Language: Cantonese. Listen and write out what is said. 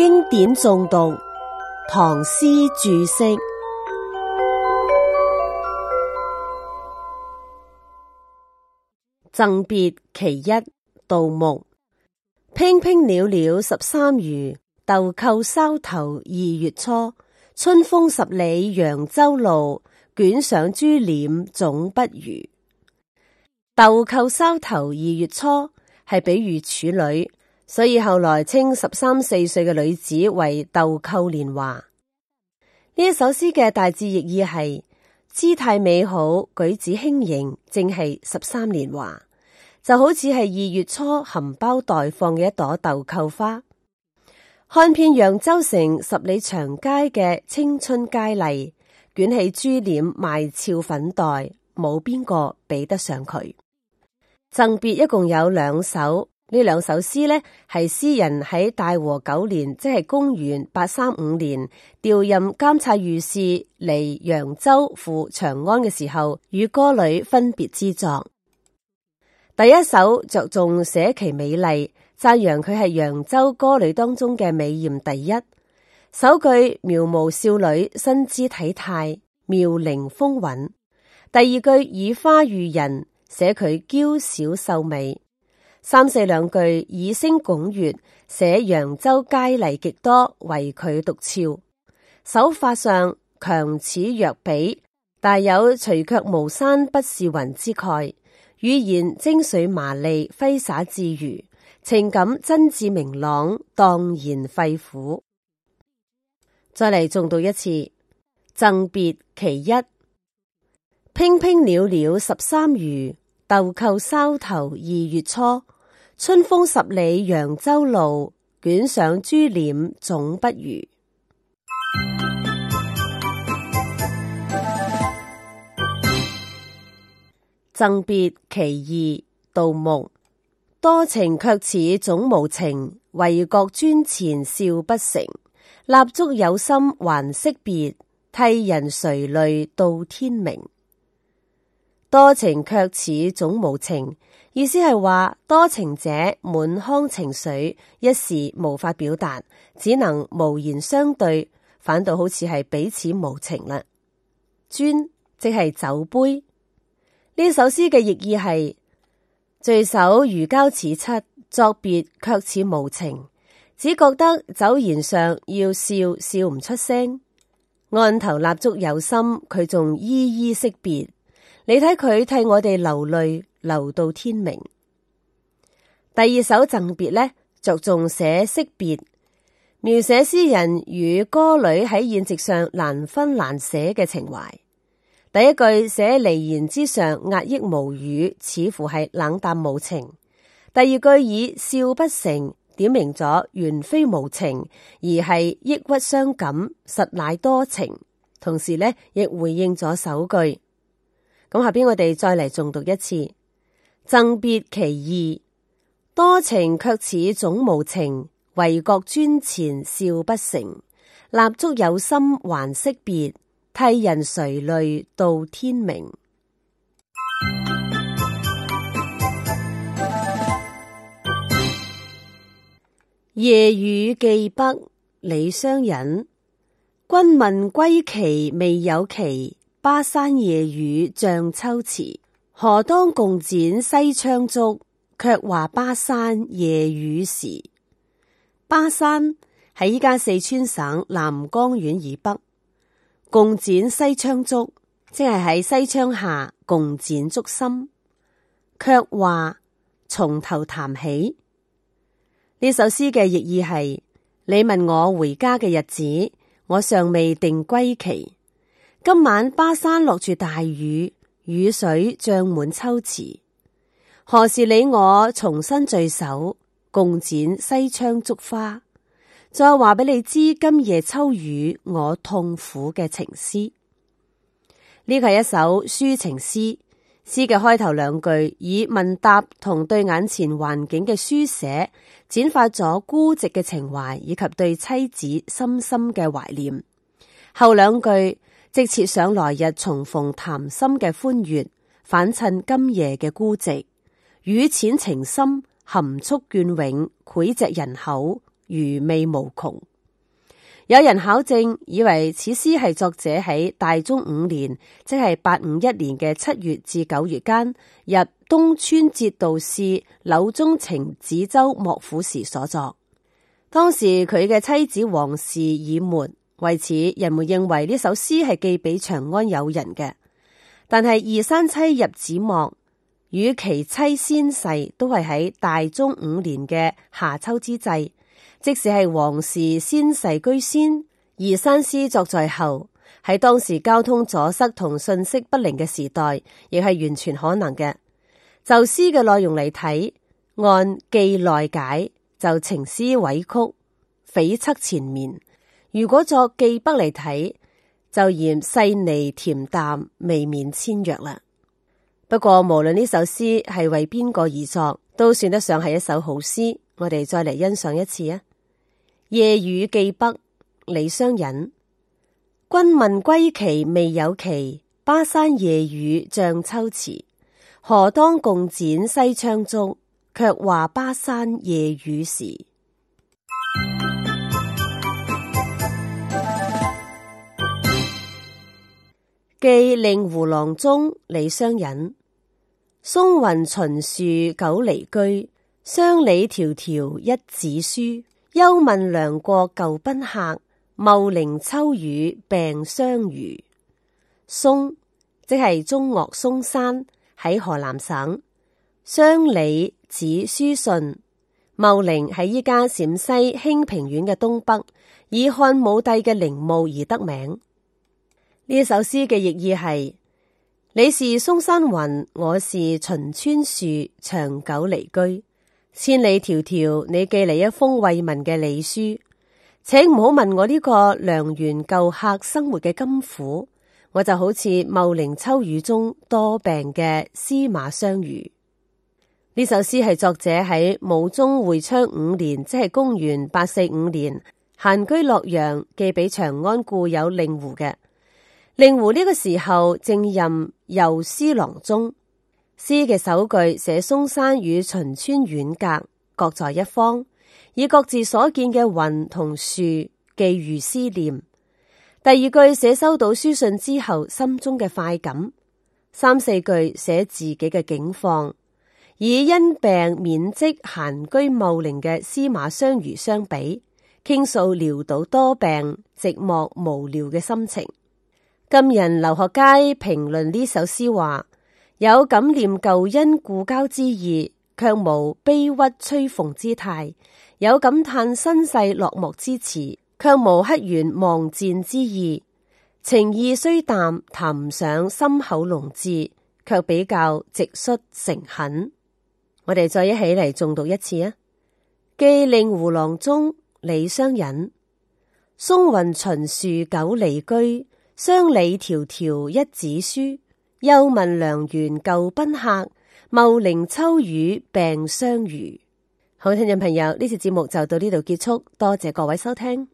經典誦讀，唐詩注釋，《贈別其一》杜牧：娉娉裊裊十三餘，豆蔻梢頭二月初。春風十里揚州路，捲上珠簾總不如。豆蔻梢頭二月初，係比喻處女。所以後來稱十三四歲嘅女子為豆蔻年華。呢一首詩嘅大致意義係姿態美好、舉止輕盈，正係十三年華，就好似係二月初含苞待放嘅一朵豆蔻花。看遍揚州城十里長街嘅青春佳麗，捲起珠簾賣俏粉黛，冇邊個比得上佢。贈別一共有兩首。呢兩首詩呢，係詩人喺大和九年，即係公元八三五年，調任監察御史離揚州赴長安嘅時候，與歌女分別之作。第一首着重寫其美麗，讚揚佢係揚州歌女當中嘅美艷第一。首句描摹少女，身姿體態妙齡風韻。第二句以花喻人，寫佢嬌小秀美。三四兩句以聲拱月，寫揚州佳麗極多，惟佢獨俏。手法上強此弱彼，大有無“除卻巫山不是雲”之概。語言精髓麻利，揮灑自如，情感真摯明朗，蕩然肺腑。再嚟重讀一次，贈別其一。娉娉裊裊十三餘，豆蔻梢頭二月初。春風十里揚州路，卷上珠簾總不如。贈別 其二，杜牧。多情卻似總無情，唯覺尊前笑不成。蠟燭有心還惜別，替人垂淚到天明。多情卻似總無情，意思係話多情者滿腔情緒，一時無法表達，只能無言相對，反倒好似係彼此無情啦。尊即係酒杯，呢首詩嘅意義係聚首如膠似漆，作別卻似無情，只覺得酒筵上要笑笑唔出聲，案頭蠟燭有心，佢仲依依惜別。你睇佢替我哋流淚流到天明。第二首贈別咧，着重寫惜別，描寫詩人與歌女喺宴席上難分難捨嘅情懷。第一句寫離筵之上壓抑無語，似乎係冷淡無情。第二句以笑不成點明咗原非無情，而係抑鬱傷感，實乃多情。同時咧亦回應咗首句。咁下邊我哋再嚟重讀一次，贈別其二：多情卻似總無情，唯覺樽前笑不成。蠟燭有心還惜別，替人垂淚到天明。 夜雨寄北，李商隱。君問歸期未有期。巴山夜雨漲秋池，何當共剪西窗燭？卻話巴山夜雨時。巴山喺依家四川省南江縣以北，共剪西窗燭，即係喺西窗下共剪燭心。卻話從頭談起。呢首詩嘅意義係：你問我回家嘅日子，我尚未定歸期。今晚巴山落住大雨，雨水漲滿秋池。何時你我重新聚首，共剪西窗燭花？再話俾你知，今夜秋雨，我痛苦嘅情詩。呢個係一首抒情詩，詩嘅開頭兩句以問答同對眼前環境嘅書寫，展發咗孤寂嘅情懷以及對妻子深深嘅懷念。後兩句。即設想來日重逢談心嘅歡悅，反襯今夜嘅孤寂。語淺情深，含蓄雋永，膾炙人口，餘味無窮。有人考證以為此詩係作者喺大中五年，即係八五一年嘅七月至九月間，入東川節度使柳仲郢梓州幕府時所作。當時佢嘅妻子王氏已沒。為此，人們認為呢首詩係寄俾長安友人嘅。但係，義山妻入梓幕與其妻先逝都係喺大中五年嘅夏秋之際。即使係王氏先逝居先，義山詩作在後，喺當時交通阻塞同信息不靈嘅時代，亦係完全可能嘅。就詩嘅內容嚟睇，按寄內解，就情思委曲，悱惻纏綿。如果作寄北嚟睇，就嫌細膩恬淡，未免纖弱啦。不過無論呢首詩係為邊個而作，都算得上係一首好詩。我哋再嚟欣賞一次啊！夜雨寄北，李商隱。君問歸期未有期，巴山夜雨漲秋池。何當共剪西窗燭，卻話巴山夜雨時。寄令狐郎中李商隱，嵩雲秦樹久離居，雙鯉迢迢一紙書。休問梁國舊賓客，茂陵秋雨病相如。嵩即係中嶽嵩山，喺河南省。雙鯉指書信，茂陵喺依家陝西興平縣嘅東北，以漢武帝嘅陵墓而得名。呢首詩嘅意義係，你是嵩山雲，我是秦川樹，長久離居，千里迢迢，你寄嚟一封慰問嘅禮書，請唔好問我呢個梁園舊客生活嘅甘苦。我就好似茂陵秋雨中多病嘅司馬相如。呢首詩係作者喺武宗會昌五年，即係公元八四五年，閒居洛陽寄俾長安故友令狐嘅。令狐呢個時候正任右司郎中，詩嘅首句寫嵩山與秦川遠隔，各在一方，以各自所見嘅雲同樹寄予思念。第二句寫收到書信之後心中嘅快感，三四句寫自己嘅境況，以因病免職閒居茂陵嘅司馬相如相比，傾訴潦倒多病、寂寞無聊嘅心情。今人劉學鍇評論呢首詩話：有感念舊恩故交之意，却無卑屈吹逢之態；有感嘆身世落寞之詞，却無乞援望戰之意。情意雖淡，談唔上深厚濃摯，却比較直率誠懇。我哋再一起嚟誦讀一次啊！寄令狐郎中，李商隱，嵩雲秦樹久離居。雙鯉迢迢一紙書，又問梁園舊賓客。茂陵秋雨病相如。好，聽眾朋友，呢次節目就到呢度結束，多謝各位收聽。